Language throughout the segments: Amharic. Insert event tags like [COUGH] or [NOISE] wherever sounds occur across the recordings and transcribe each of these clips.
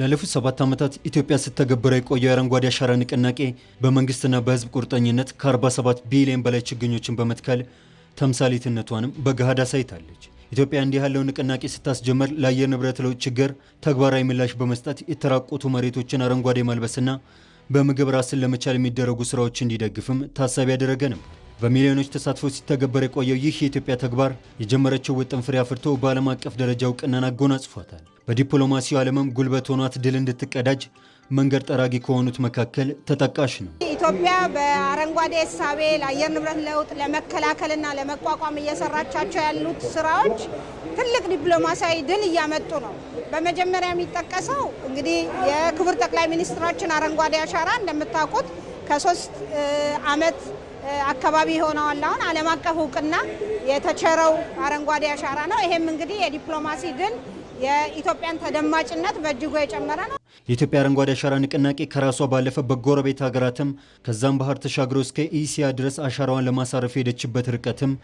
ላለፉት ሰባት ዓመታት ኢትዮጵያ ስተገብረ የቆየው የአረንጓዴ አሻራ ንቅናቄ በመንግስትና በህዝብ ቁርጠኝነት ከ47 ቢሊዮን በላይ ችግኞችን በመትከል ተምሳሌትነቷንም በገሃድ አሳይታለች። ኢትዮጵያ እንዲህ ያለው ንቅናቄ ስታስጀመር ለአየር ንብረት ለውጥ ችግር ተግባራዊ ምላሽ በመስጠት የተራቆቱ መሬቶችን አረንጓዴ ማልበስና በምግብ ራስን ለመቻል የሚደረጉ ስራዎች እንዲደግፍም ታሳቢ ያደረገ ነው። በሚሊዮኖች ተሳትፎ ሲተገበር የቆየው ይህ የኢትዮጵያ ተግባር የጀመረችው ውጥን ፍሬ አፍርቶ በዓለም አቀፍ ደረጃ እውቅናን አጎናጽፏታል። በዲፕሎማሲው ዓለምም ጉልበት ሆኗት ድል እንድትቀዳጅ መንገድ ጠራጊ ከሆኑት መካከል ተጠቃሽ ነው። ኢትዮጵያ በአረንጓዴ እሳቤ ለአየር ንብረት ለውጥ ለመከላከልና ለመቋቋም እየሰራቻቸው ያሉት ስራዎች ትልቅ ዲፕሎማሲያዊ ድል እያመጡ ነው። በመጀመሪያ የሚጠቀሰው እንግዲህ የክቡር ጠቅላይ ሚኒስትራችን አረንጓዴ አሻራ እንደምታውቁት ከሶስት አመት። አካባቢ ሆነዋል። አሁን ዓለም አቀፍ እውቅና የተቸረው አረንጓዴ አሻራ ነው። ይሄም እንግዲህ የዲፕሎማሲ ድል የኢትዮጵያን ተደማጭነት በእጅጉ የጨመረ ነው። የኢትዮጵያ አረንጓዴ አሻራ ንቅናቄ ከራሷ ባለፈ በጎረቤት ሀገራትም ከዛም ባህር ተሻግሮ እስከ ኢሲያ ድረስ አሻራዋን ለማሳረፍ የሄደችበት ርቀትም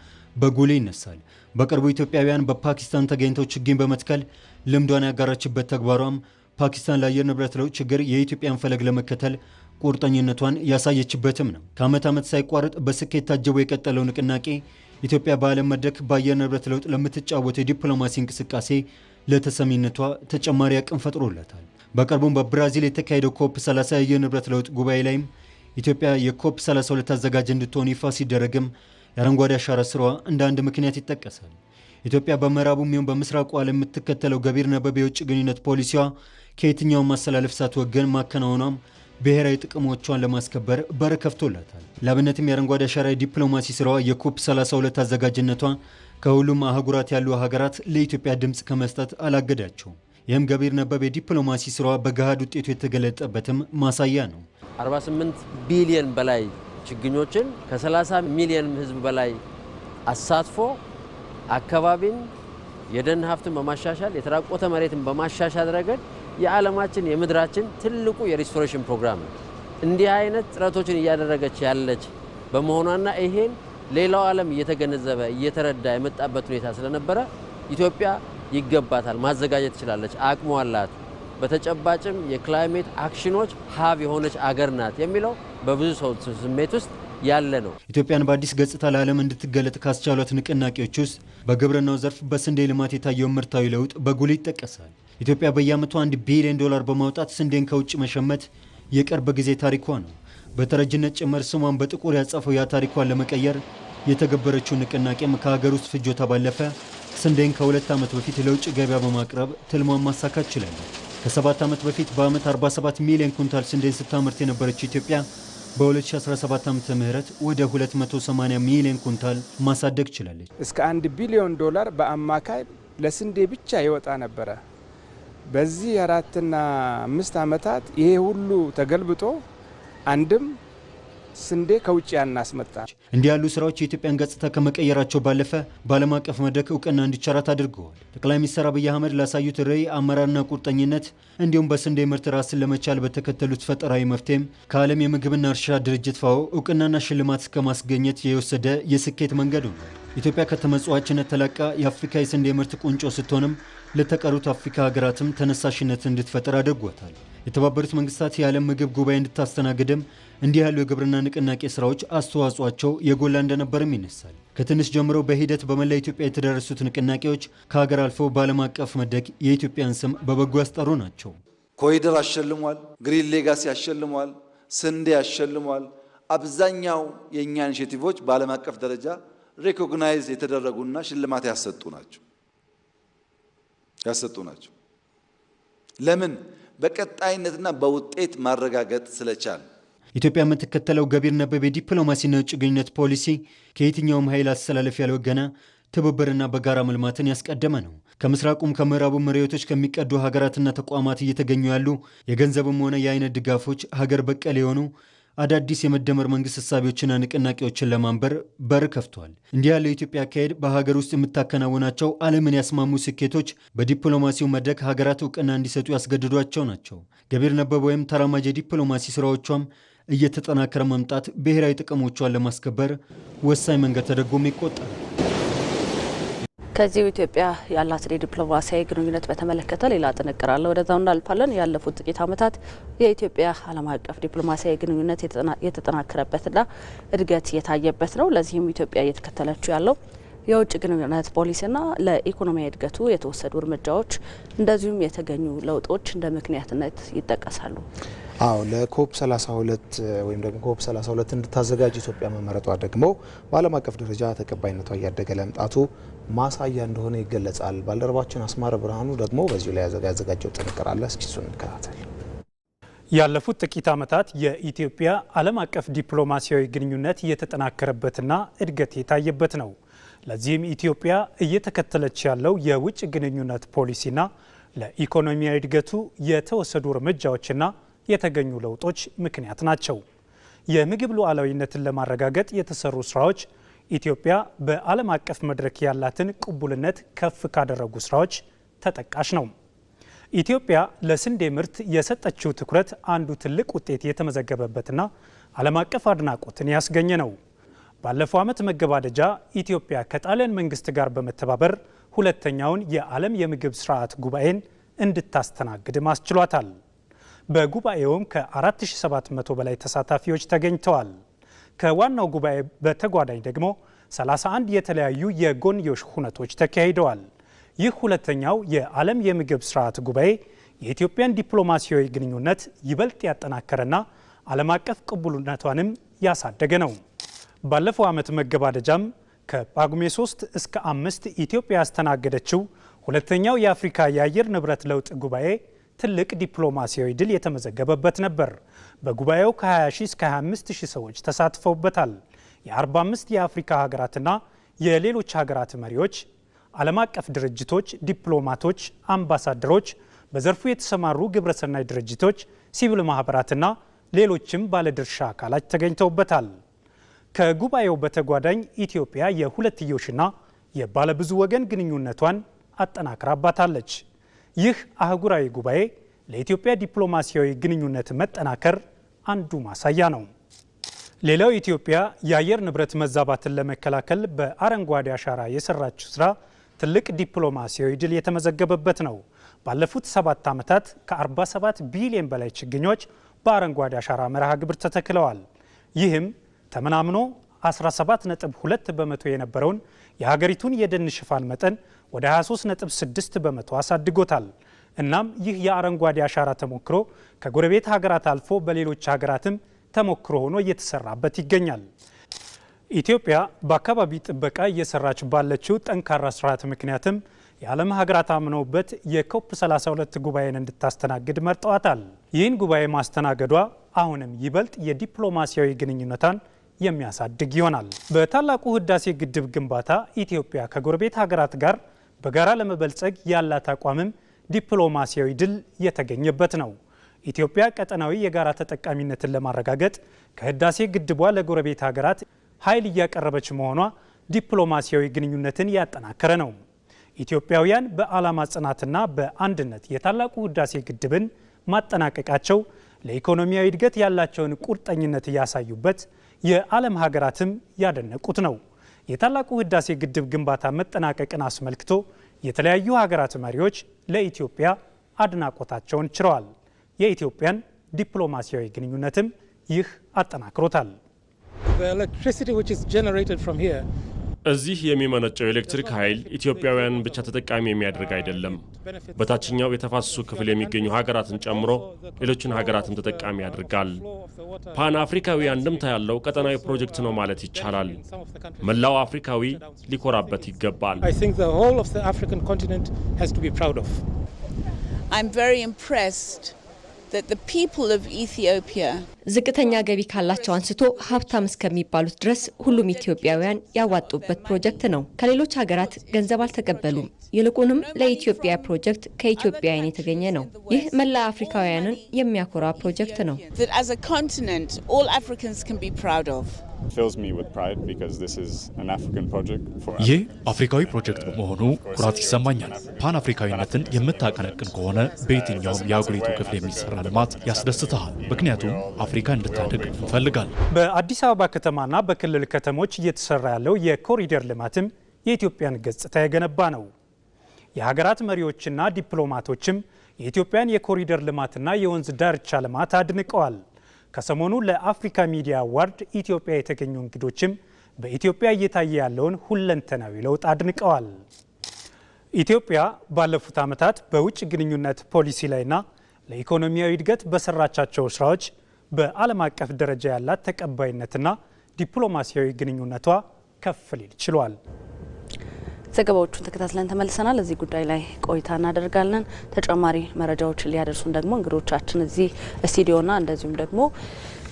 በጉሌ ይነሳል። በቅርቡ ኢትዮጵያውያን በፓኪስታን ተገኝተው ችግኝ በመትከል ልምዷን ያጋራችበት ተግባሯም ፓኪስታን ለአየር ንብረት ለውጥ ችግር የኢትዮጵያን ፈለግ ለመከተል ቁርጠኝነቷን ያሳየችበትም ነው። ከዓመት ዓመት ሳይቋረጥ በስኬት ታጀቦ የቀጠለው ንቅናቄ ኢትዮጵያ በዓለም መድረክ በአየር ንብረት ለውጥ ለምትጫወተው የዲፕሎማሲ እንቅስቃሴ ለተሰሚነቷ ተጨማሪ አቅም ፈጥሮለታል። በቅርቡም በብራዚል የተካሄደው ኮፕ 30 የአየር ንብረት ለውጥ ጉባኤ ላይም ኢትዮጵያ የኮፕ 32 አዘጋጅ እንድትሆን ይፋ ሲደረግም የአረንጓዴ አሻራ ስራዋ እንደ አንድ ምክንያት ይጠቀሳል። ኢትዮጵያ በምዕራቡም ይሁን በምስራቁ ዓለም የምትከተለው ገቢር ነበብ የውጭ ግንኙነት ፖሊሲዋ ከየትኛውም ማሰላለፍ ሳትወገን ማከናወኗም ብሔራዊ ጥቅሞቿን ለማስከበር በር ከፍቶላታል። ለአብነትም የአረንጓዴ አሻራ ዲፕሎማሲ ስራዋ የኮፕ 32 አዘጋጅነቷ ከሁሉም አህጉራት ያሉ ሀገራት ለኢትዮጵያ ድምፅ ከመስጠት አላገዳቸውም። ይህም ገቢር ነበብ የዲፕሎማሲ ስራዋ በገሃድ ውጤቱ የተገለጠበትም ማሳያ ነው። 48 ቢሊዮን በላይ ችግኞችን ከ30 ሚሊዮን ህዝብ በላይ አሳትፎ አካባቢን የደን ሀብትን በማሻሻል የተራቆተ መሬትን በማሻሻል ረገድ የዓለማችን የምድራችን ትልቁ የሪስቶሬሽን ፕሮግራም ነው። እንዲህ አይነት ጥረቶችን እያደረገች ያለች በመሆኗና ይሄን ሌላው ዓለም እየተገነዘበ እየተረዳ የመጣበት ሁኔታ ስለነበረ ኢትዮጵያ ይገባታል፣ ማዘጋጀት ትችላለች፣ አቅሟ አላት፣ በተጨባጭም የክላይሜት አክሽኖች ሀብ የሆነች አገር ናት የሚለው በብዙ ሰው ስሜት ውስጥ ያለ ነው። ኢትዮጵያን በአዲስ ገጽታ ለዓለም እንድትገለጥ ካስቻሏት ንቅናቄዎች ውስጥ በግብርናው ዘርፍ በስንዴ ልማት የታየው ምርታዊ ለውጥ በጉልህ ይጠቀሳል። ኢትዮጵያ በየዓመቱ አንድ ቢሊዮን ዶላር በማውጣት ስንዴን ከውጭ መሸመት የቅርብ ጊዜ ታሪኳ ነው። በተረጅነት ጭምር ስሟን በጥቁር ያጻፈው ያ ታሪኳን ለመቀየር የተገበረችው ንቅናቄም ከሀገር ውስጥ ፍጆታ ባለፈ ስንዴን ከሁለት ዓመት በፊት ለውጭ ገበያ በማቅረብ ትልሟን ማሳካት ችላለች። ከሰባት ዓመት በፊት በዓመት 47 ሚሊዮን ኩንታል ስንዴን ስታመርት የነበረችው ኢትዮጵያ በ2017 ዓመተ ምህረት ወደ 280 ሚሊዮን ኩንታል ማሳደግ ችላለች። እስከ 1 ቢሊዮን ዶላር በአማካይ ለስንዴ ብቻ ይወጣ ነበረ። በዚህ አራትና አምስት ዓመታት ይሄ ሁሉ ተገልብጦ አንድም ስንዴ ከውጭ ያናስመጣ እንዲህ ያሉ ስራዎች የኢትዮጵያን ገጽታ ከመቀየራቸው ባለፈ በዓለም አቀፍ መድረክ እውቅና እንዲቸራት አድርገዋል። ጠቅላይ ሚኒስትር አብይ አህመድ ላሳዩት ርዕይ አመራርና ቁርጠኝነት እንዲሁም በስንዴ ምርት ራስን ለመቻል በተከተሉት ፈጠራዊ መፍትሄም ከዓለም የምግብና እርሻ ድርጅት ፋኦ እውቅናና ሽልማት እስከ ማስገኘት የወሰደ የስኬት መንገዱ ነው። ኢትዮጵያ ከተመጽዋችነት ተለቃ የአፍሪካ የስንዴ ምርት ቁንጮ ስትሆንም ለተቀሩት አፍሪካ ሀገራትም ተነሳሽነት እንድትፈጠር አድርጓታል። የተባበሩት መንግስታት የዓለም ምግብ ጉባኤ እንድታስተናግድም እንዲህ ያሉ የግብርና ንቅናቄ ስራዎች አስተዋጽኦቸው የጎላ እንደነበርም ይነሳል። ከትንሽ ጀምሮ በሂደት በመላ ኢትዮጵያ የተደረሱት ንቅናቄዎች ከሀገር አልፈው በዓለም አቀፍ መድረክ የኢትዮጵያን ስም በበጎ ያስጠሩ ናቸው። ኮሪደር አሸልሟል፣ ግሪን ሌጋሲ አሸልሟል፣ ስንዴ አሸልሟል። አብዛኛው የእኛ ኢኒሼቲቮች በዓለም አቀፍ ደረጃ ሬኮግናይዝ የተደረጉና ሽልማት ያሰጡ ናቸው ያሰጡ ናቸው። ለምን በቀጣይነትና በውጤት ማረጋገጥ ስለቻል ኢትዮጵያ የምትከተለው ገቢር ነበብ የዲፕሎማሲና የውጭ ግንኙነት ፖሊሲ ከየትኛውም ኃይል አስተላለፍ ያልወገነ ትብብርና በጋራ መልማትን ያስቀደመ ነው። ከምስራቁም ከምዕራቡ መሪዎቶች ከሚቀዱ ሀገራትና ተቋማት እየተገኙ ያሉ የገንዘብም ሆነ የአይነት ድጋፎች ሀገር በቀል የሆኑ አዳዲስ የመደመር መንግስት ሀሳቢዎችና ንቅናቄዎችን ለማንበር በር ከፍቷል። እንዲህ ያለው የኢትዮጵያ አካሄድ በሀገር ውስጥ የምታከናውናቸው ዓለምን ያስማሙ ስኬቶች በዲፕሎማሲው መድረክ ሀገራት እውቅና እንዲሰጡ ያስገድዷቸው ናቸው። ገቢር ነበብ ወይም ተራማጅ የዲፕሎማሲ ስራዎቿም እየተጠናከረ መምጣት ብሔራዊ ጥቅሞቿን ለማስከበር ወሳኝ መንገድ ተደርጎም ይቆጠራል። ከዚሁ ኢትዮጵያ ያላትን የዲፕሎማሲያዊ ግንኙነት በተመለከተ ሌላ ጥንቅር አለ። ወደዛው እናልፋለን። ያለፉት ጥቂት ዓመታት የኢትዮጵያ ዓለም አቀፍ ዲፕሎማሲያዊ ግንኙነት የተጠናከረበትና እድገት የታየበት ነው። ለዚህም ኢትዮጵያ እየተከተለችው ያለው የውጭ ግንኙነት ፖሊሲና ለኢኮኖሚ እድገቱ የተወሰዱ እርምጃዎች እንደዚሁም የተገኙ ለውጦች እንደ ምክንያትነት ይጠቀሳሉ። አዎ ለኮፕ 32 ወይም ደግሞ ኮፕ 32 እንድታዘጋጅ ኢትዮጵያ መመረጧ ደግሞ በዓለም አቀፍ ደረጃ ተቀባይነቷ እያደገ ለመምጣቱ ማሳያ እንደሆነ ይገለጻል። ባልደረባችን አስማረ ብርሃኑ ደግሞ በዚሁ ላይ ያዘጋጀው ጥንቅር አለ። እስኪ እሱን እንከታተል። ያለፉት ጥቂት ዓመታት የኢትዮጵያ ዓለም አቀፍ ዲፕሎማሲያዊ ግንኙነት እየተጠናከረበትና እድገት የታየበት ነው። ለዚህም ኢትዮጵያ እየተከተለች ያለው የውጭ ግንኙነት ፖሊሲና ለኢኮኖሚያዊ እድገቱ የተወሰዱ እርምጃዎችና የተገኙ ለውጦች ምክንያት ናቸው። የምግብ ሉዓላዊነትን ለማረጋገጥ የተሰሩ ስራዎች ኢትዮጵያ በዓለም አቀፍ መድረክ ያላትን ቅቡልነት ከፍ ካደረጉ ስራዎች ተጠቃሽ ነው። ኢትዮጵያ ለስንዴ ምርት የሰጠችው ትኩረት አንዱ ትልቅ ውጤት የተመዘገበበትና ዓለም አቀፍ አድናቆትን ያስገኘ ነው። ባለፈው ዓመት መገባደጃ ኢትዮጵያ ከጣሊያን መንግስት ጋር በመተባበር ሁለተኛውን የዓለም የምግብ ስርዓት ጉባኤን እንድታስተናግድ ማስችሏታል። በጉባኤውም ከ4700 በላይ ተሳታፊዎች ተገኝተዋል። ከዋናው ጉባኤ በተጓዳኝ ደግሞ 31 የተለያዩ የጎንዮሽ ሁነቶች ተካሂደዋል። ይህ ሁለተኛው የዓለም የምግብ ስርዓት ጉባኤ የኢትዮጵያን ዲፕሎማሲያዊ ግንኙነት ይበልጥ ያጠናከረና ዓለም አቀፍ ቅቡልነቷንም ያሳደገ ነው። ባለፈው ዓመት መገባደጃም ከጳጉሜ 3 እስከ 5 ኢትዮጵያ ያስተናገደችው ሁለተኛው የአፍሪካ የአየር ንብረት ለውጥ ጉባኤ ትልቅ ዲፕሎማሲያዊ ድል የተመዘገበበት ነበር። በጉባኤው ከ20 እስከ 25 ሺህ ሰዎች ተሳትፈውበታል። የ45 የአፍሪካ ሀገራትና የሌሎች ሀገራት መሪዎች፣ ዓለም አቀፍ ድርጅቶች፣ ዲፕሎማቶች፣ አምባሳደሮች፣ በዘርፉ የተሰማሩ ግብረሰናይ ድርጅቶች፣ ሲቪል ማኅበራትና ሌሎችም ባለድርሻ አካላት ተገኝተውበታል። ከጉባኤው በተጓዳኝ ኢትዮጵያ የሁለትዮሽና የባለብዙ ወገን ግንኙነቷን አጠናክራባታለች። ይህ አህጉራዊ ጉባኤ ለኢትዮጵያ ዲፕሎማሲያዊ ግንኙነት መጠናከር አንዱ ማሳያ ነው። ሌላው ኢትዮጵያ የአየር ንብረት መዛባትን ለመከላከል በአረንጓዴ አሻራ የሰራችው ስራ ትልቅ ዲፕሎማሲያዊ ድል የተመዘገበበት ነው። ባለፉት ሰባት ዓመታት ከ47 ቢሊዮን በላይ ችግኞች በአረንጓዴ አሻራ መርሃ ግብር ተተክለዋል። ይህም ተመናምኖ 17.2 በመቶ የነበረውን የሀገሪቱን የደን ሽፋን መጠን ወደ 23.6 በመቶ አሳድጎታል። እናም ይህ የአረንጓዴ አሻራ ተሞክሮ ከጎረቤት ሀገራት አልፎ በሌሎች ሀገራትም ተሞክሮ ሆኖ እየተሰራበት ይገኛል። ኢትዮጵያ በአካባቢ ጥበቃ እየሰራች ባለችው ጠንካራ ስርዓት ምክንያትም የዓለም ሀገራት አምነውበት የኮፕ 32 ጉባኤን እንድታስተናግድ መርጠዋታል። ይህን ጉባኤ ማስተናገዷ አሁንም ይበልጥ የዲፕሎማሲያዊ ግንኙነታን የሚያሳድግ ይሆናል። በታላቁ ህዳሴ ግድብ ግንባታ ኢትዮጵያ ከጎረቤት ሀገራት ጋር በጋራ ለመበልጸግ ያላት አቋምም ዲፕሎማሲያዊ ድል የተገኘበት ነው። ኢትዮጵያ ቀጠናዊ የጋራ ተጠቃሚነትን ለማረጋገጥ ከህዳሴ ግድቧ ለጎረቤት ሀገራት ኃይል እያቀረበች መሆኗ ዲፕሎማሲያዊ ግንኙነትን ያጠናከረ ነው። ኢትዮጵያውያን በዓላማ ጽናትና በአንድነት የታላቁ ህዳሴ ግድብን ማጠናቀቃቸው ለኢኮኖሚያዊ እድገት ያላቸውን ቁርጠኝነት እያሳዩበት የዓለም ሀገራትም ያደነቁት ነው። የታላቁ ህዳሴ ግድብ ግንባታ መጠናቀቅን አስመልክቶ የተለያዩ ሀገራት መሪዎች ለኢትዮጵያ አድናቆታቸውን ችረዋል። የኢትዮጵያን ዲፕሎማሲያዊ ግንኙነትም ይህ አጠናክሮታል። እዚህ የሚመነጨው ኤሌክትሪክ ኃይል ኢትዮጵያውያንን ብቻ ተጠቃሚ የሚያደርግ አይደለም። በታችኛው የተፋሰሱ ክፍል የሚገኙ ሀገራትን ጨምሮ ሌሎችን ሀገራትም ተጠቃሚ ያደርጋል። ፓን አፍሪካዊ አንድምታ ያለው ቀጠናዊ ፕሮጀክት ነው ማለት ይቻላል። መላው አፍሪካዊ ሊኮራበት ይገባል። I'm very impressed that the people of Ethiopia ዝቅተኛ ገቢ ካላቸው አንስቶ ሀብታም እስከሚባሉት ድረስ ሁሉም ኢትዮጵያውያን ያዋጡበት ፕሮጀክት ነው። ከሌሎች ሀገራት ገንዘብ አልተቀበሉም። ይልቁንም ለኢትዮጵያ ፕሮጀክት ከኢትዮጵያውያን የተገኘ ነው። ይህ መላ አፍሪካውያንን የሚያኮራ ፕሮጀክት ነው። ይህ አፍሪካዊ ፕሮጀክት በመሆኑ ኩራት ይሰማኛል። ፓን አፍሪካዊነትን የምታቀነቅን ከሆነ በየትኛውም የአህጉሪቱ ክፍል የሚሰራ ልማት ያስደስትሃል። ምክንያቱም አፍሪካ እንድታደግ እንፈልጋል። በአዲስ አበባ ከተማና በክልል ከተሞች እየተሰራ ያለው የኮሪደር ልማትም የኢትዮጵያን ገጽታ የገነባ ነው። የሀገራት መሪዎችና ዲፕሎማቶችም የኢትዮጵያን የኮሪደር ልማትና የወንዝ ዳርቻ ልማት አድንቀዋል። ከሰሞኑ ለአፍሪካ ሚዲያ አዋርድ ኢትዮጵያ የተገኙ እንግዶችም በኢትዮጵያ እየታየ ያለውን ሁለንተናዊ ለውጥ አድንቀዋል። ኢትዮጵያ ባለፉት ዓመታት በውጭ ግንኙነት ፖሊሲ ላይና ለኢኮኖሚያዊ እድገት በሰራቻቸው ስራዎች በዓለም አቀፍ ደረጃ ያላት ተቀባይነትና ዲፕሎማሲያዊ ግንኙነቷ ከፍ ሊል ችሏል። ዘገባዎቹን ተከታትለን ተመልሰናል። እዚህ ጉዳይ ላይ ቆይታ እናደርጋለን። ተጨማሪ መረጃዎችን ሊያደርሱን ደግሞ እንግዶቻችን እዚህ ስቱዲዮና እንደዚሁም ደግሞ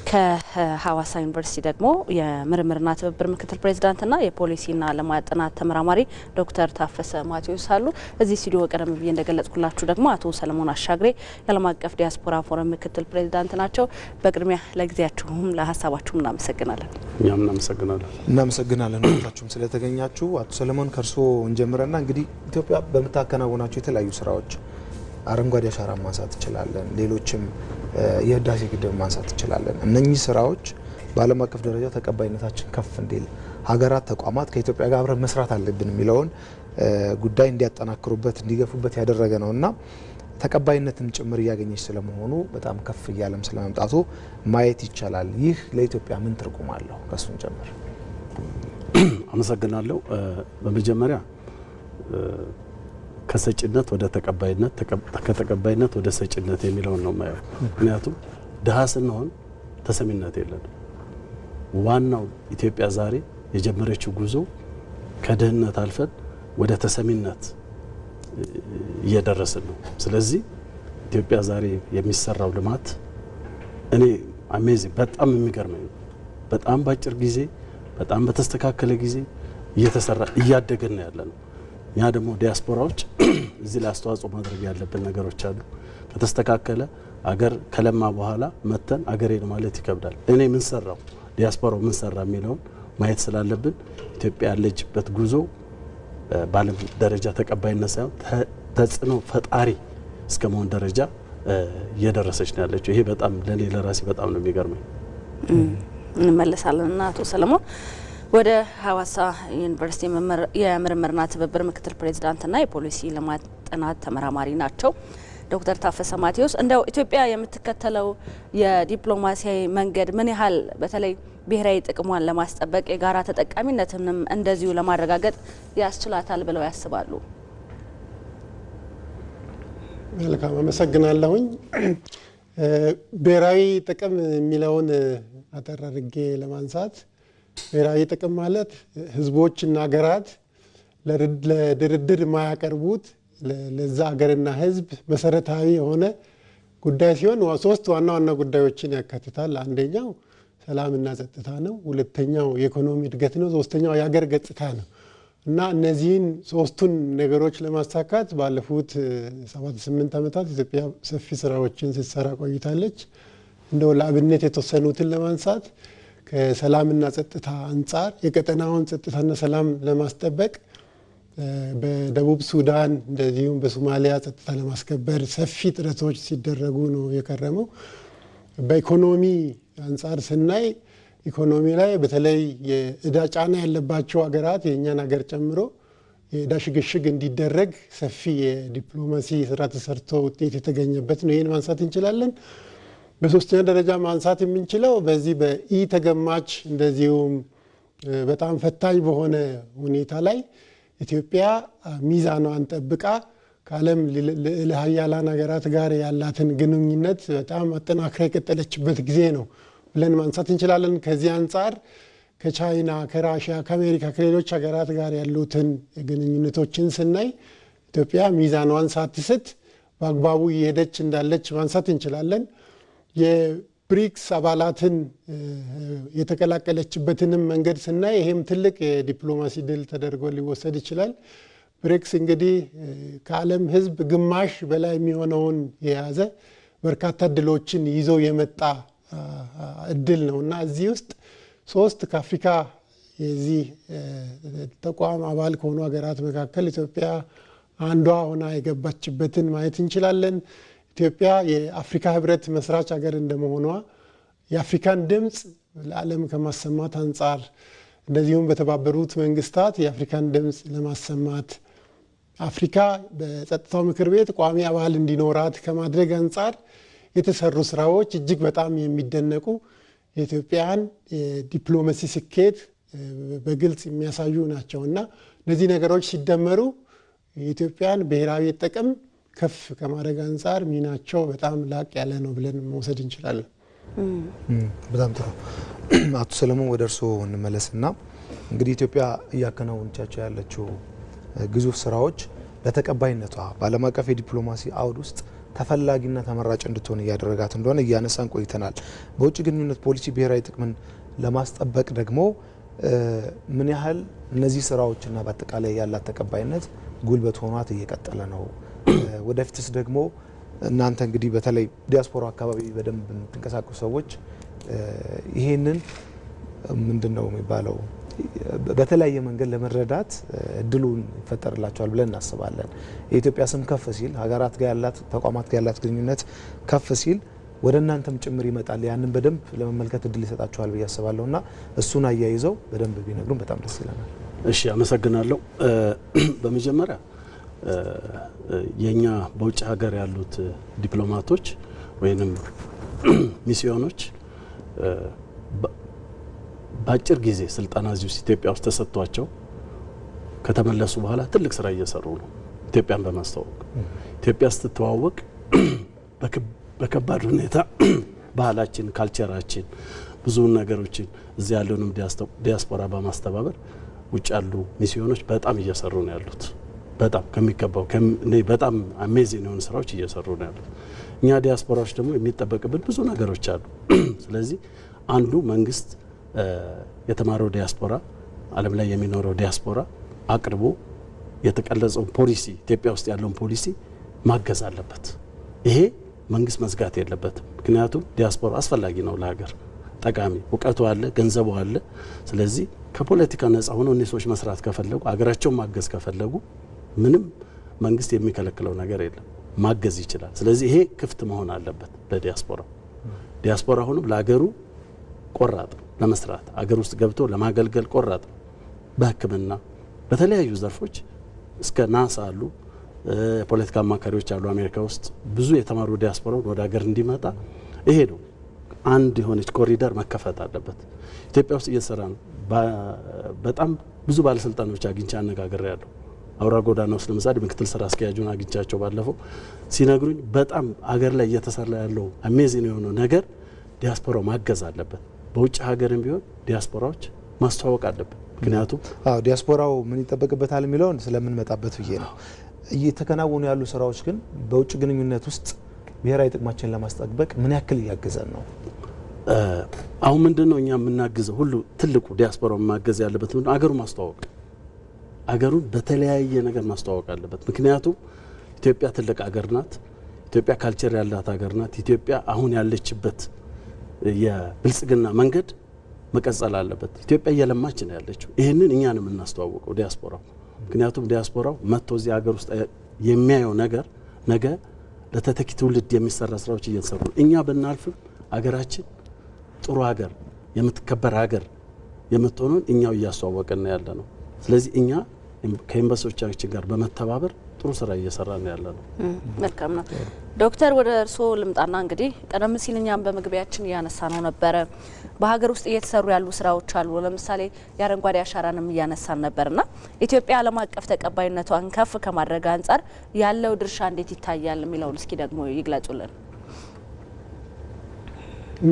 ከሀዋሳ ዩኒቨርሲቲ ደግሞ የምርምርና ትብብር ምክትል ፕሬዚዳንትና የፖሊሲና ልማት ጥናት ተመራማሪ ዶክተር ታፈሰ ማቴዎስ አሉ። እዚህ ስቱዲዮ ቀደም ብዬ እንደገለጽኩላችሁ ደግሞ አቶ ሰለሞን አሻግሬ የዓለም አቀፍ ዲያስፖራ ፎረም ምክትል ፕሬዚዳንት ናቸው። በቅድሚያ ለጊዜያችሁም ለሀሳባችሁም እናመሰግናለን። እኛም እናመሰግናለን። እናመሰግናለን ሁላችሁም ስለተገኛችሁ። አቶ ሰለሞን ከእርስዎ እንጀምረና እንግዲህ ኢትዮጵያ በምታከናውናቸው የተለያዩ ስራዎች አረንጓዴ አሻራ ማንሳት እንችላለን። ሌሎችም የህዳሴ ግድብ ማንሳት እንችላለን። እነኚህ ስራዎች በዓለም አቀፍ ደረጃ ተቀባይነታችን ከፍ እንዲል ሀገራት፣ ተቋማት ከኢትዮጵያ ጋር አብረን መስራት አለብን የሚለውን ጉዳይ እንዲያጠናክሩበት እንዲገፉበት ያደረገ ነው እና ተቀባይነትም ጭምር እያገኘች ስለመሆኑ በጣም ከፍ እያለም ስለመምጣቱ ማየት ይቻላል። ይህ ለኢትዮጵያ ምን ትርጉም አለው? ከሱን ጀምር። አመሰግናለሁ። በመጀመሪያ ከሰጭነት ወደ ተቀባይነት ከተቀባይነት ወደ ሰጭነት የሚለውን ነው ማየው። ምክንያቱም ድሃ ስንሆን ተሰሚነት የለን። ዋናው ኢትዮጵያ ዛሬ የጀመረችው ጉዞ ከድህነት አልፈን ወደ ተሰሚነት እየደረስን ነው። ስለዚህ ኢትዮጵያ ዛሬ የሚሰራው ልማት እኔ አሜዚንግ በጣም የሚገርመኝ በጣም በአጭር ጊዜ በጣም በተስተካከለ ጊዜ እየተሰራ እያደገን ያለ ነው። እኛ ደግሞ ዲያስፖራዎች [CLEARS THROAT] እዚህ ላይ አስተዋጽኦ ማድረግ ያለብን ነገሮች አሉ። ከተስተካከለ አገር ከለማ በኋላ መተን አገሬን ማለት ይከብዳል። እኔ ምን ሰራው፣ ዲያስፖራው ምን ሰራ የሚለውን ማየት ስላለብን ኢትዮጵያ ያለችበት ጉዞ በዓለም ደረጃ ተቀባይነት ሳይሆን ተጽዕኖ ፈጣሪ እስከ መሆን ደረጃ እየደረሰች ነው ያለችው። ይሄ በጣም ለእኔ ለራሴ በጣም ነው የሚገርመኝ። እንመለሳለን እና አቶ ሰለሞን ወደ ሀዋሳ ዩኒቨርሲቲ የምርምርና ትብብር ምክትል ፕሬዚዳንትና የፖሊሲ ልማት ጥናት ተመራማሪ ናቸው ዶክተር ታፈሰ ማቴዎስ። እንደው ኢትዮጵያ የምትከተለው የዲፕሎማሲያዊ መንገድ ምን ያህል በተለይ ብሔራዊ ጥቅሟን ለማስጠበቅ የጋራ ተጠቃሚነትንም እንደዚሁ ለማረጋገጥ ያስችላታል ብለው ያስባሉ? መልካም አመሰግናለሁኝ። [CLEARS THROAT] ብሔራዊ ጥቅም የሚለውን አጠራርጌ ለማንሳት ብሔራዊ ጥቅም ማለት ህዝቦችና ሀገራት ለድርድር የማያቀርቡት ለዛ ሀገርና ህዝብ መሰረታዊ የሆነ ጉዳይ ሲሆን ሶስት ዋና ዋና ጉዳዮችን ያካትታል። አንደኛው ሰላምና ጸጥታ ነው። ሁለተኛው የኢኮኖሚ እድገት ነው። ሶስተኛው የሀገር ገጽታ ነው እና እነዚህን ሶስቱን ነገሮች ለማሳካት ባለፉት ሰባት ስምንት ዓመታት ኢትዮጵያ ሰፊ ስራዎችን ስትሰራ ቆይታለች። እንደው ለአብነት የተወሰኑትን ለማንሳት ከሰላምና ጸጥታ አንጻር የቀጠናውን ጸጥታና ሰላም ለማስጠበቅ በደቡብ ሱዳን እንደዚሁም በሶማሊያ ጸጥታ ለማስከበር ሰፊ ጥረቶች ሲደረጉ ነው የከረመው። በኢኮኖሚ አንጻር ስናይ ኢኮኖሚ ላይ በተለይ የእዳ ጫና ያለባቸው ሀገራት የእኛን ሀገር ጨምሮ የእዳ ሽግሽግ እንዲደረግ ሰፊ የዲፕሎማሲ ስራ ተሰርቶ ውጤት የተገኘበት ነው። ይህን ማንሳት እንችላለን። በሶስተኛ ደረጃ ማንሳት የምንችለው በዚህ በኢ ተገማች እንደዚሁም በጣም ፈታኝ በሆነ ሁኔታ ላይ ኢትዮጵያ ሚዛኗን ጠብቃ ከዓለም ልዕለ ሀያላን ሀገራት ጋር ያላትን ግንኙነት በጣም አጠናክራ የቀጠለችበት ጊዜ ነው ብለን ማንሳት እንችላለን። ከዚህ አንጻር ከቻይና፣ ከራሽያ፣ ከአሜሪካ፣ ከሌሎች ሀገራት ጋር ያሉትን ግንኙነቶችን ስናይ ኢትዮጵያ ሚዛኗን ሳትስት በአግባቡ እየሄደች እንዳለች ማንሳት እንችላለን። የብሪክስ አባላትን የተቀላቀለችበትንም መንገድ ስናይ ይሄም ትልቅ የዲፕሎማሲ ድል ተደርጎ ሊወሰድ ይችላል። ብሪክስ እንግዲህ ከዓለም ሕዝብ ግማሽ በላይ የሚሆነውን የያዘ በርካታ እድሎችን ይዞ የመጣ እድል ነው እና እዚህ ውስጥ ሶስት ከአፍሪካ የዚህ ተቋም አባል ከሆኑ ሀገራት መካከል ኢትዮጵያ አንዷ ሆና የገባችበትን ማየት እንችላለን። ኢትዮጵያ የአፍሪካ ህብረት መስራች ሀገር እንደመሆኗ የአፍሪካን ድምፅ ለዓለም ከማሰማት አንጻር እንደዚሁም በተባበሩት መንግስታት የአፍሪካን ድምፅ ለማሰማት አፍሪካ በጸጥታው ምክር ቤት ቋሚ አባል እንዲኖራት ከማድረግ አንጻር የተሰሩ ስራዎች እጅግ በጣም የሚደነቁ የኢትዮጵያን የዲፕሎማሲ ስኬት በግልጽ የሚያሳዩ ናቸው እና እነዚህ ነገሮች ሲደመሩ የኢትዮጵያን ብሔራዊ ጥቅም ከፍ ከማድረግ አንጻር ሚናቸው በጣም ላቅ ያለ ነው ብለን መውሰድ እንችላለን። በጣም ጥሩ። [CLEARS THROAT] አቶ ሰለሞን ወደ እርስዎ እንመለስና እንግዲህ ኢትዮጵያ እያከናወነቻቸው ያለችው ግዙፍ ስራዎች ለተቀባይነቷ በዓለም አቀፍ የዲፕሎማሲ አውድ ውስጥ ተፈላጊና ተመራጭ እንድትሆን እያደረጋት እንደሆነ እያነሳን ቆይተናል። በውጭ ግንኙነት ፖሊሲ ብሔራዊ ጥቅምን ለማስጠበቅ ደግሞ ምን ያህል እነዚህ ስራዎችና በአጠቃላይ ያላት ተቀባይነት ጉልበት ሆኗት እየቀጠለ ነው? [CLEARS THROAT] ወደፊትስ ደግሞ እናንተ እንግዲህ በተለይ ዲያስፖራ አካባቢ በደንብ የምትንቀሳቀሱ ሰዎች ይሄንን ምንድን ነው የሚባለው በተለያየ መንገድ ለመረዳት እድሉን ይፈጠርላቸዋል ብለን እናስባለን። የኢትዮጵያ ስም ከፍ ሲል ሀገራት ጋር ያላት ተቋማት ጋር ያላት ግንኙነት ከፍ ሲል ወደ እናንተም ጭምር ይመጣል። ያንን በደንብ ለመመልከት እድል ይሰጣቸዋል ብዬ አስባለሁ እና እሱን አያይዘው በደንብ ቢነግሩን በጣም ደስ ይለናል። እሺ፣ አመሰግናለሁ። [CLEARS THROAT] በመጀመሪያ የኛ በውጭ ሀገር ያሉት ዲፕሎማቶች ወይንም [CLEARS THROAT] ሚስዮኖች በአጭር ጊዜ ስልጠና እዚህ ውስጥ ኢትዮጵያ ውስጥ ተሰጥቷቸው ከተመለሱ በኋላ ትልቅ ስራ እየሰሩ ነው። ኢትዮጵያን በማስተዋወቅ ኢትዮጵያ ስትተዋወቅ [CLEARS THROAT] በከባድ ሁኔታ [CLEARS THROAT] ባህላችን፣ ካልቸራችን ብዙ ነገሮችን እዚህ ያለውንም ዲያስፖራ በማስተባበር ውጭ ያሉ ሚስዮኖች በጣም እየሰሩ ነው ያሉት። በጣም ከሚገባው በጣም አሜዚንግ የሆኑ ስራዎች እየሰሩ ነው ያሉት። እኛ ዲያስፖራዎች ደግሞ የሚጠበቅብን ብዙ ነገሮች አሉ። [CLEARS THROAT] ስለዚህ አንዱ መንግስት የተማረው ዲያስፖራ ዓለም ላይ የሚኖረው ዲያስፖራ አቅርቦ የተቀለጸውን ፖሊሲ ኢትዮጵያ ውስጥ ያለውን ፖሊሲ ማገዝ አለበት። ይሄ መንግስት መዝጋት የለበትም። ምክንያቱም ዲያስፖራ አስፈላጊ ነው ለሀገር ጠቃሚ እውቀቱ አለ፣ ገንዘቡ አለ። ስለዚህ ከፖለቲካ ነጻ ሆነው እነዚህ ሰዎች መስራት ከፈለጉ ሀገራቸውን ማገዝ ከፈለጉ ምንም መንግስት የሚከለክለው ነገር የለም። ማገዝ ይችላል። ስለዚህ ይሄ ክፍት መሆን አለበት ለዲያስፖራ። ዲያስፖራ ሁኑም ለሀገሩ ቆራጥ ለመስራት አገር ውስጥ ገብቶ ለማገልገል ቆራጥ በሕክምና በተለያዩ ዘርፎች እስከ ናሳ አሉ የፖለቲካ አማካሪዎች አሉ። አሜሪካ ውስጥ ብዙ የተማሩ ዲያስፖራውን ወደ ሀገር እንዲመጣ ይሄ ነው አንድ የሆነች ኮሪደር መከፈት አለበት። ኢትዮጵያ ውስጥ እየተሰራ ነው። በጣም ብዙ ባለስልጣኖች አግኝቼ አነጋግሬ ያለሁ አውራ ጎዳና ውስጥ ለምሳሌ ምክትል ስራ አስኪያጁን አግኝቻቸው ባለፈው ሲነግሩኝ በጣም አገር ላይ እየተሰራ ያለው አሜዚን የሆነው ነገር ዲያስፖራው ማገዝ አለበት። በውጭ ሀገርም ቢሆን ዲያስፖራዎች ማስተዋወቅ አለበት። ምክንያቱም አዎ ዲያስፖራው ምን ይጠበቅበታል የሚለውን ስለምንመጣበት ብዬ ነው። እየተከናወኑ ያሉ ስራዎች ግን በውጭ ግንኙነት ውስጥ ብሔራዊ ጥቅማችን ለማስጠበቅ ምን ያክል እያገዘን ነው? አሁን ምንድን ነው እኛ የምናግዘው? ሁሉ ትልቁ ዲያስፖራው ማገዝ ያለበት አገሩ ማስተዋወቅ አገሩን በተለያየ ነገር ማስተዋወቅ አለበት። ምክንያቱም ኢትዮጵያ ትልቅ አገር ናት። ኢትዮጵያ ካልቸር ያላት ሀገር ናት። ኢትዮጵያ አሁን ያለችበት የብልጽግና መንገድ መቀጸል አለበት። ኢትዮጵያ እየለማች ነው ያለችው። ይህንን እኛን የምናስተዋውቀው ዲያስፖራው፣ ምክንያቱም ዲያስፖራው መጥቶ እዚህ ሀገር ውስጥ የሚያየው ነገር ነገ ለተተኪ ትውልድ የሚሰራ ስራዎች እየተሰሩ ነው። እኛ ብናልፍም አገራችን ጥሩ ሀገር፣ የምትከበር ሀገር የምትሆነውን እኛው እያስተዋወቅን ያለ ነው። ስለዚህ እኛ ከኤምባሲዎቻችን ጋር በመተባበር ጥሩ ስራ እየሰራ ነው ያለ ነው። መልካም ነው ዶክተር፣ ወደ እርስዎ ልምጣና እንግዲህ ቀደም ሲል እኛም በመግቢያችን እያነሳ ነው ነበረ በሀገር ውስጥ እየተሰሩ ያሉ ስራዎች አሉ። ለምሳሌ የአረንጓዴ አሻራንም እያነሳን ነበርና ኢትዮጵያ ዓለም አቀፍ ተቀባይነቷን ከፍ ከማድረግ አንጻር ያለው ድርሻ እንዴት ይታያል የሚለውን እስኪ ደግሞ ይግለጹልን።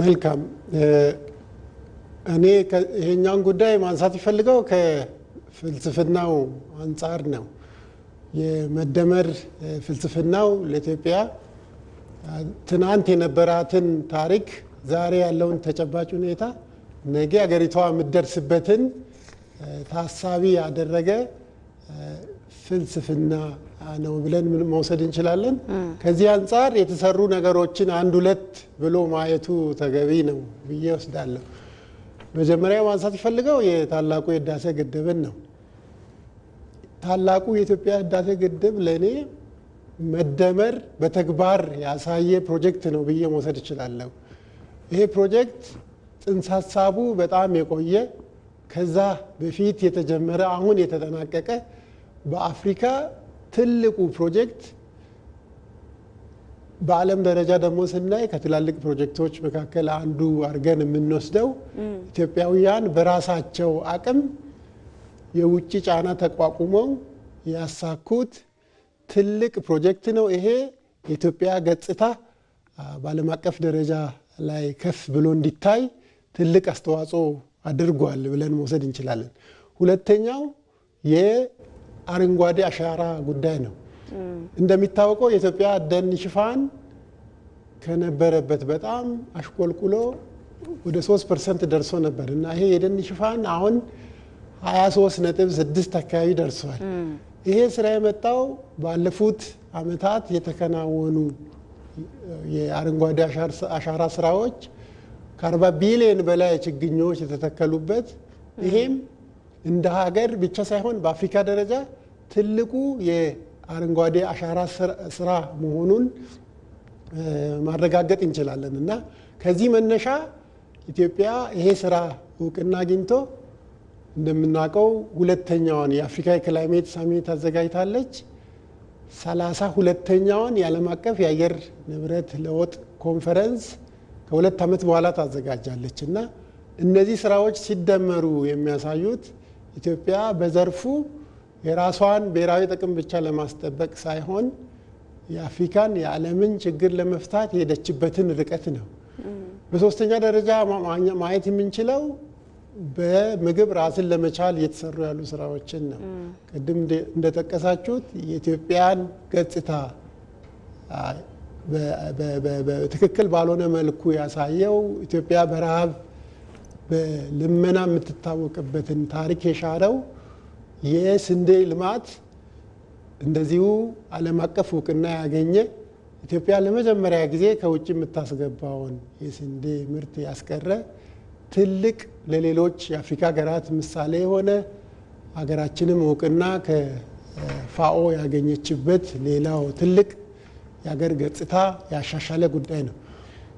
መልካም እኔ ይሄኛውን ጉዳይ ማንሳት ይፈልገው ፍልስፍናው አንጻር ነው። የመደመር ፍልስፍናው ለኢትዮጵያ ትናንት የነበራትን ታሪክ፣ ዛሬ ያለውን ተጨባጭ ሁኔታ፣ ነገ አገሪቷ የምትደርስበትን ታሳቢ ያደረገ ፍልስፍና ነው ብለን መውሰድ እንችላለን። ከዚህ አንጻር የተሰሩ ነገሮችን አንድ ሁለት ብሎ ማየቱ ተገቢ ነው ብዬ ወስዳለሁ። መጀመሪያ ማንሳት ይፈልገው የታላቁ የህዳሴ ግድብን ነው። ታላቁ የኢትዮጵያ ህዳሴ ግድብ ለእኔ መደመር በተግባር ያሳየ ፕሮጀክት ነው ብዬ መውሰድ እችላለሁ። ይሄ ፕሮጀክት ጽንሰ ሀሳቡ በጣም የቆየ ከዛ በፊት የተጀመረ አሁን የተጠናቀቀ በአፍሪካ ትልቁ ፕሮጀክት በዓለም ደረጃ ደግሞ ስናይ ከትላልቅ ፕሮጀክቶች መካከል አንዱ አድርገን የምንወስደው ኢትዮጵያውያን በራሳቸው አቅም የውጭ ጫና ተቋቁመው ያሳኩት ትልቅ ፕሮጀክት ነው። ይሄ የኢትዮጵያ ገጽታ በዓለም አቀፍ ደረጃ ላይ ከፍ ብሎ እንዲታይ ትልቅ አስተዋጽኦ አድርጓል ብለን መውሰድ እንችላለን። ሁለተኛው የአረንጓዴ አሻራ ጉዳይ ነው። እንደሚታወቀው የኢትዮጵያ ደን ሽፋን ከነበረበት በጣም አሽቆልቁሎ ወደ 3 ፐርሰንት ደርሶ ነበር እና ይሄ የደን ሽፋን አሁን 23 ነጥብ 6 አካባቢ ደርሷል። ይሄ ስራ የመጣው ባለፉት አመታት የተከናወኑ የአረንጓዴ አሻራ ስራዎች ከአርባ ቢሊዮን በላይ ችግኞች የተተከሉበት ይሄም እንደ ሀገር ብቻ ሳይሆን በአፍሪካ ደረጃ ትልቁ የአረንጓዴ አሻራ ስራ መሆኑን ማረጋገጥ እንችላለን እና ከዚህ መነሻ ኢትዮጵያ ይሄ ስራ እውቅና አግኝቶ እንደምናውቀው ሁለተኛዋን የአፍሪካ የክላይሜት ሳሚት አዘጋጅታለች። ሰላሳ ሁለተኛዋን የዓለም አቀፍ የአየር ንብረት ለውጥ ኮንፈረንስ ከሁለት ዓመት በኋላ ታዘጋጃለች እና እነዚህ ስራዎች ሲደመሩ የሚያሳዩት ኢትዮጵያ በዘርፉ የራሷን ብሔራዊ ጥቅም ብቻ ለማስጠበቅ ሳይሆን የአፍሪካን የዓለምን ችግር ለመፍታት የሄደችበትን ርቀት ነው። በሶስተኛ ደረጃ ማየት የምንችለው በምግብ ራስን ለመቻል እየተሰሩ ያሉ ስራዎችን ነው። ቅድም እንደጠቀሳችሁት የኢትዮጵያን ገጽታ ትክክል ባልሆነ መልኩ ያሳየው ኢትዮጵያ በረሃብ በልመና የምትታወቅበትን ታሪክ የሻረው የስንዴ ልማት እንደዚሁ ዓለም አቀፍ እውቅና ያገኘ ኢትዮጵያ ለመጀመሪያ ጊዜ ከውጭ የምታስገባውን የስንዴ ምርት ያስቀረ ትልቅ ለሌሎች የአፍሪካ ሀገራት ምሳሌ የሆነ ሀገራችንም እውቅና ከፋኦ ያገኘችበት ሌላው ትልቅ የሀገር ገጽታ ያሻሻለ ጉዳይ ነው።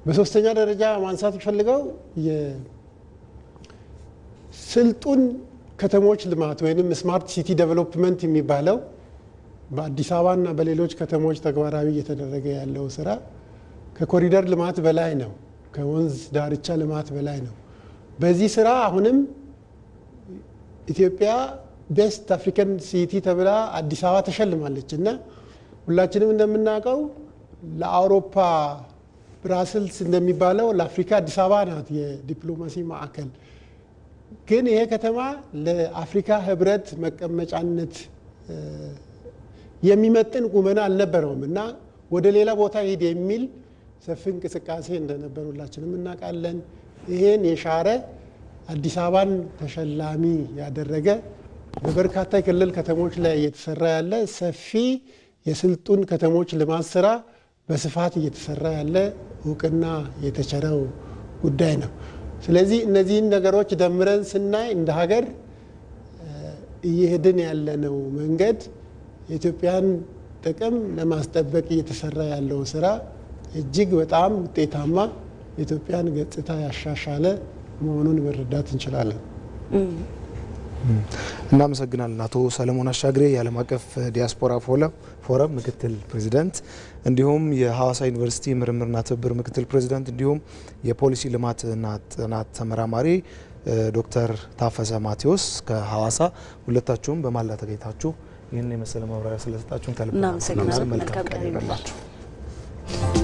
በሶስተኛ ደረጃ ማንሳት ፈልገው የስልጡን ከተሞች ልማት ወይም ስማርት ሲቲ ዴቨሎፕመንት የሚባለው በአዲስ አበባና በሌሎች ከተሞች ተግባራዊ እየተደረገ ያለው ስራ ከኮሪደር ልማት በላይ ነው። ከወንዝ ዳርቻ ልማት በላይ ነው። በዚህ ስራ አሁንም ኢትዮጵያ ቤስት አፍሪካን ሲቲ ተብላ አዲስ አበባ ተሸልማለች እና ሁላችንም እንደምናውቀው ለአውሮፓ ብራስልስ እንደሚባለው ለአፍሪካ አዲስ አበባ ናት የዲፕሎማሲ ማዕከል። ግን ይሄ ከተማ ለአፍሪካ ህብረት መቀመጫነት የሚመጥን ቁመና አልነበረውም እና ወደ ሌላ ቦታ ሄድ የሚል ሰፊ እንቅስቃሴ እንደነበር ሁላችንም እናውቃለን። ይሄን የሻረ አዲስ አበባን ተሸላሚ ያደረገ በበርካታ የክልል ከተሞች ላይ እየተሰራ ያለ ሰፊ የስልጡን ከተሞች ልማት ስራ በስፋት እየተሰራ ያለ እውቅና የተቸረው ጉዳይ ነው። ስለዚህ እነዚህን ነገሮች ደምረን ስናይ እንደ ሀገር እየሄድን ያለነው መንገድ የኢትዮጵያን ጥቅም ለማስጠበቅ እየተሰራ ያለው ስራ እጅግ በጣም ውጤታማ የኢትዮጵያን ገጽታ ያሻሻለ መሆኑን መረዳት እንችላለን። እናመሰግናለን አቶ ሰለሞን አሻግሬ የዓለም አቀፍ ዲያስፖራ ፎረም ምክትል ፕሬዚደንት እንዲሁም የሀዋሳ ዩኒቨርሲቲ ምርምርና ትብብር ምክትል ፕሬዚደንት እንዲሁም የፖሊሲ ልማትና ጥናት ተመራማሪ ዶክተር ታፈሰ ማቴዎስ ከሀዋሳ ሁለታችሁም በማላ ተገኝታችሁ ይህን የመሰለ ማብራሪያ ስለሰጣችሁን ከልብ እናመሰግናለን። መልካም ቀን ይሁንላችሁ።